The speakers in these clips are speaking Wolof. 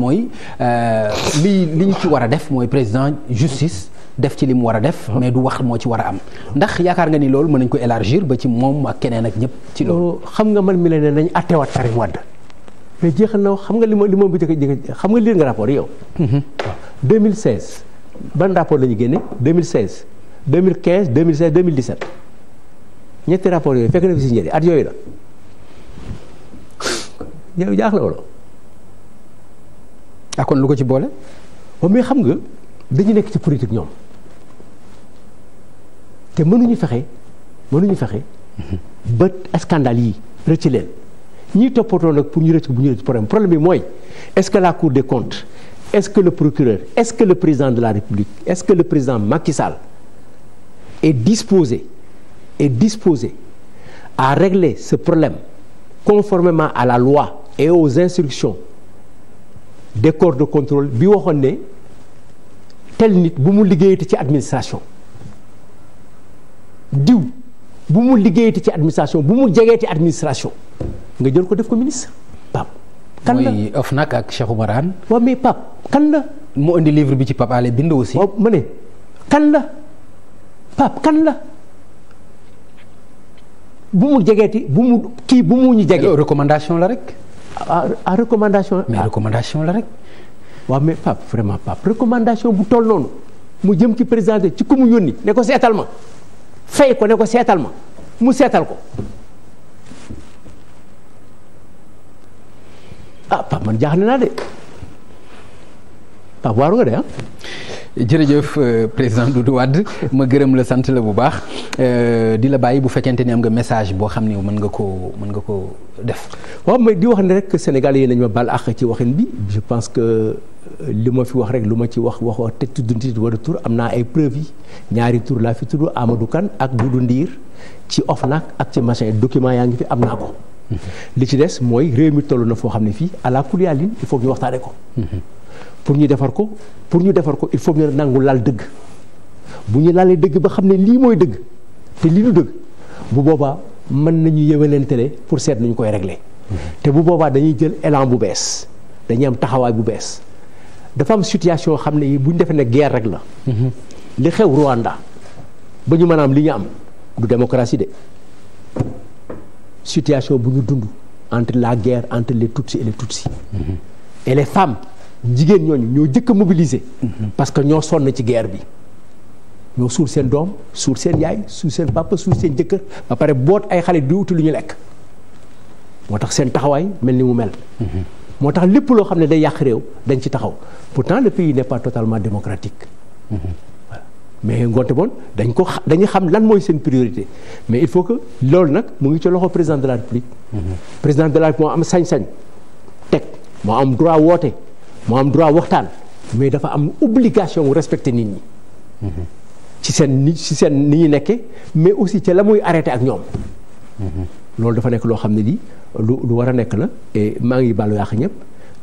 mooy euh, li li ñu ci war a def mooy président justice def ci li mu war a def. mais du wax moo ci war a am. ndax yaakaar nga ni loolu mën nañ ko élargir ba ci moom ak keneen ak ñëpp. ci loolu oh, xam nga man mi la ne nañ atteewaat Karim Wade na xam nga li ma li ma bëgg xam nga lire nga rapport yow. 2016. Mhm. ban rapport la ñu génne 2016 2015 2016 2017 ñetti rapport yooyu fekk na fi si ñetti at la yow jaaxle wala. ak ah, kon lu ko ci boole moom mais xam nga dañu nekk ci politique ñoom te mënuñu fexe mënuñu fexe ba scandale yi rëcc leen ñiy toppatoo nag pour ñu rëcc bu ñu rëcc problème problème bi mooy est-ce que la cour des comptes est-ce que le procureur est-ce que le président de la république est-ce que le président Macky Sall est disposé est disposé à régler ce problème conformément à la loi et aux instructions des de contrôle bi waxoon ne tel nit bu mu liggéeyati ci administration diw bu mu liggéeyati ci administration bu mu jegeeti administration nga jël ko def ko ministre Pape. kan la mooy OFNAC ak Cheikh Oumar mais Pape kan la. mu indi livre bi ci Pape Alé bind aussi. waaw ne kan la Pape kan la. bu mu jegeeti bu mu kii bu mu ñu jege. recommandation la rek. à ah, ah, recommandation. mais recommandation la rek. waa mais Pape vraiment Pape recommandation bu toll noonu mu jëm ci président ci ku mu yónni ne ko seetal ma fay ko ne ko seetal ma mu seetal ko ah Pape man jaaxle naa de Pape waaru nga de ah. jërëjëf euh, président Doudou Wade ma gërëm la sant la bu baax euh, di la bàyyi bu fekkente ni am nga message boo xam ne mën nga koo mën koo def. waaw mais di wax ne rek Sénégalais yi nañ ma baal àq ci waxin bi je pense que euh, li ma fi wax rek lu ma ci wax wax wax te tudd nit wala tur am naa ay preuves yi ñaari tur laa fi tudd Amadou kan ak Doudou Ndir ci nag ak ci machin document yaa ngi fi am naa ko. Mhm. li ci des mooy réew mi toll na foo xam ne fii à la kuliyaalin il faut ñu waxtaane ko. Mhm. pour ñu defar ko pour ñu defar ko il faut ñu nangu laal dëgg bu ñu laalee dëgg ba xam ne lii mooy dëgg te lii du dëgg bu boobaa mën nañu yëwalantele pour seet nañu koy regle te bu boobaa dañuy jël élan bu bees dañuy am taxawaay bu bees dafa am situation xam ne yi bu ñu defee ne guerre rek la li xew Rwanda ba ñu mën a am li ñu am du démocratie de situation bu ñu dund entre la guerre entre les Tutsis et les Tutsis et les femmes jigéen ñooñu ñoo jëkk a mobiliser. Mhm. parce que ñoo sonn ci guerre bi. ñoo suul seen doom suul seen yaay suul seen papa suul seen jëkkër ba pare boot ay xale di wuti lu ñu lekk moo tax seen taxawaay mel ni mu mel. Mhm. moo tax lépp loo xam ne day yàq réew dañ ci taxaw pour pourtant le pays n'est pas totalement démocratique. Mhm. voilà mais ngoonte boon dañ ko dañu xam lan mooy seen priorité mais il faut que loolu nag mu ngi ci loxo président de la république. président de la république am sañ-sañ teg moo am droit woote. mu am droit waxtaan mais dafa am obligation wu respecter nit ñi. ci seen ni ci seen ni ñu nekkee mais aussi ca la muy arrêté ak ñoom. loolu dafa nekk loo xam ne lii lu lu war a nekk la maa ngi baalu yàq ñëpp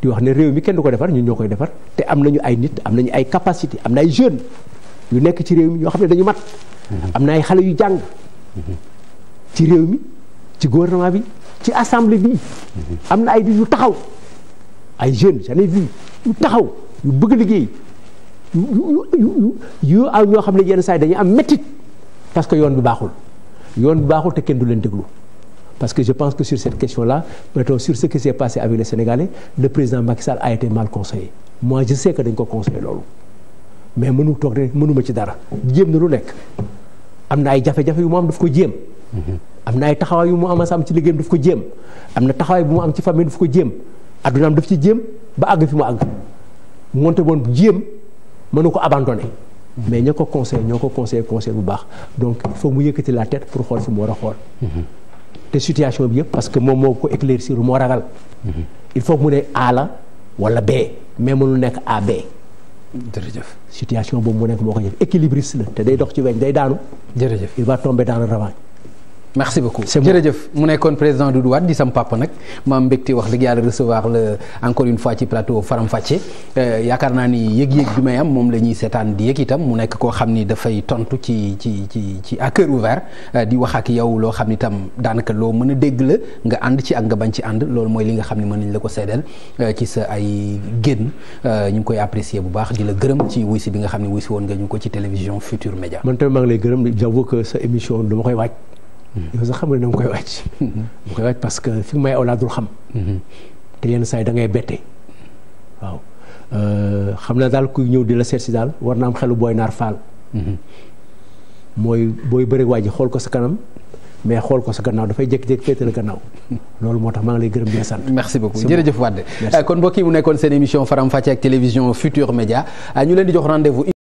di wax ne réew mi kenn du ko defar ñu ñoo koy defar te am nañu ay nit am nañu ay capacité am na ay jeunes yu nekk ci réew mi ñoo xam ne dañu mat. am na ay xale yu jàng. ci réew mi ci gouvernement bi ci assemblée bi. am na ay nit yu taxaw. ay jeunes j'en ai yu taxaw yu bëgg liggéey yu yu aw ñoo xam ne yenn saa yi dañuy am métit parce que yoon bi baaxul yoon bi baaxul te kenn du leen déglu parce que je pense que sur cette question-là mettons sur ce qui s'est passé avec les Sénégalais le président Macky Sall a mal conseillé moi je sais que dañ ko conseillé loolu mais mënu toog rek mënuma ci dara jéem na lu nekk am na ay jafe-jafe yu mu am daf ko jéem mhm. am na ay taxawaay yu mu am am ci liggéeyam daf ko jéem am na taxawaay bu mu am ci famille daf ko addunaam daf ci jëm ba àgg fi mu àgg moonte woon jéem mënu ko abandonné mais ña ko conseil ñoo ko conseil conseil bu baax donc il faut mu yëkkati la tête pour xool si mu war a xool mm-hmm. te situation bi yëpp parce que moom moo ko éclaircir moo ragal mm-hmm. il faut mu ne A la wala B mais mënul nekk A B jërëjëf situation boobu mu nekk moo ko jëf équilibriste la te day dox ci weñ day daanu jërëjëf il va tomber dans le ravin merci beaucoup jërëjëf mu nekkoon président Doudou Wade di sam papa nag ma am mbégte wax dëgg yàlla recevoir la encore une fois ci plateau Faram Facce euh, yaakaar naa ni yéeg yëg bi may am moom la ñuy seetaan di yëg itam mu nekk koo xam ni dafay tontu ci ci ci ci à cœur ouvert euh, di wax ak yow loo xam ni tam daanaka loo mën a dégg la nga ànd ci ak nga bañ ci ànd loolu mooy li nga xam ni mën nañ la ko seedeel euh, ci sa ay génn ñu ngi koy apprécier bu baax di la gërëm ci wuy si bi nga xam ne wuy woon nga ñu ko ci télévision Futur Média man tamit maa ngi lay gërëm j'avoue que sa émission dama koy waaj Mm-hmm. yow sax xam nga ne danga koy wàcc. Mm-hmm. danga koy wàcc parce que fi may aw laa dul xam. Mm-hmm. te yenn saa yi da ngay bette waaw euh, xam naa daal kuy ñëw di la seet si daal war na am xelu booy naar faal. mooy booy bëri waa ji xool ko sa kanam mais xool ko sa gannaaw dafay jékki-jékki féete la gannaaw loolu moo tax maa ngi lay gërëm di sant. merci beaucoup jërëjëf Wade euh, kon mbokk mu nekkoon seen émission faram fàcce ak télévision Futur Média euh, ñu leen di jox rendez